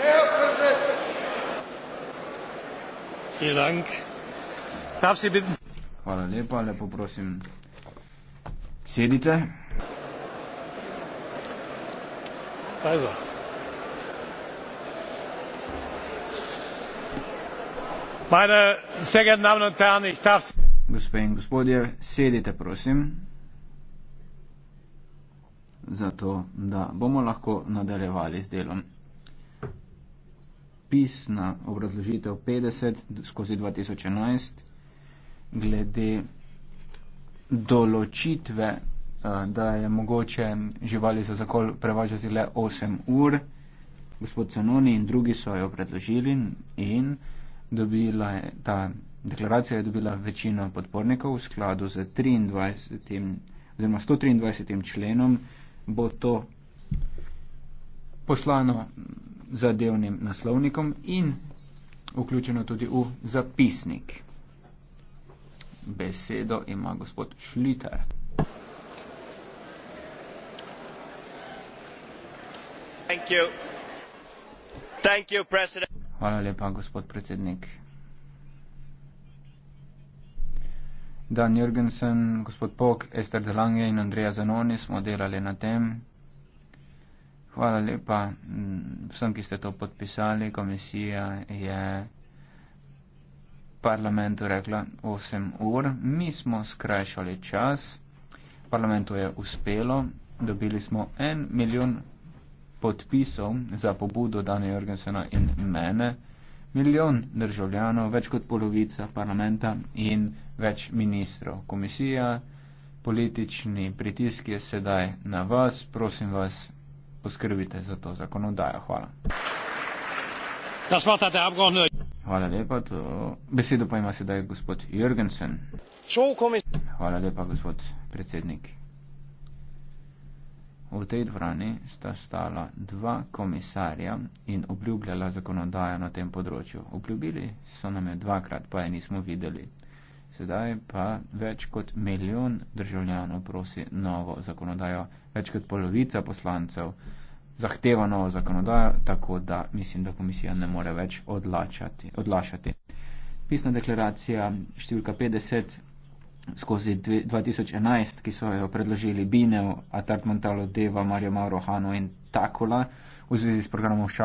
Herr Präsident! Vielen Dank. Darf Sie bitten? Hvala lepa, lepo prosim. Sedite. Also. Er. Meine sehr geehrten Damen und Herren, ich darf Sie. Gospe in gospodje, sedite prosim. Zato, da bomo lahko nadaljevali z delom pisna obrazložitev 50 skozi 2011 glede določitve, eh, da je mogoče živali za zakol prevažati le 8 ur. Gospod Cenoni in drugi so jo predložili in dobila je, ta deklaracija je dobila večino podpornikov v skladu z 23. oziroma 123. členom. Bo to poslano zadevnim naslovnikom in vključeno tudi v zapisnik. Besedo ima gospod Šlitar. Thank you. Thank you, Hvala lepa, gospod predsednik. Dan Jürgensen, gospod Pok, Ester Delange in Andreja Zanoni smo delali na tem, Hvala lepa mm, vsem, ki ste to podpisali. Komisija je parlamentu rekla 8 ur. Mi smo skrajšali čas. Parlamentu je uspelo. Dobili smo en milijon podpisov za pobudo Dana Jorgensena in mene. Milijon državljanov, več kot polovica parlamenta in več ministrov. Komisija, politični pritisk je sedaj na vas. Prosim vas poskrbite za to zakonodajo. Hvala. Hvala lepa. To... Besedo pa ima sedaj gospod Jürgensen. Hvala lepa, gospod predsednik. V tej dvorani sta stala dva komisarja in obljubljala zakonodajo na tem področju. Obljubili so nam jo dvakrat, pa je nismo videli. Sedaj pa več kot milijon državljanov prosi novo zakonodajo. Več kot polovica poslancev zahteva novo zakonodajo, tako da mislim, da komisija ne more več odlašati. Pisna deklaracija številka 50 skozi 2011, ki so jo predložili Binev, Atart Montalo, Deva, Mario Mauro, Hanu in Takula v zvezi s programom Šah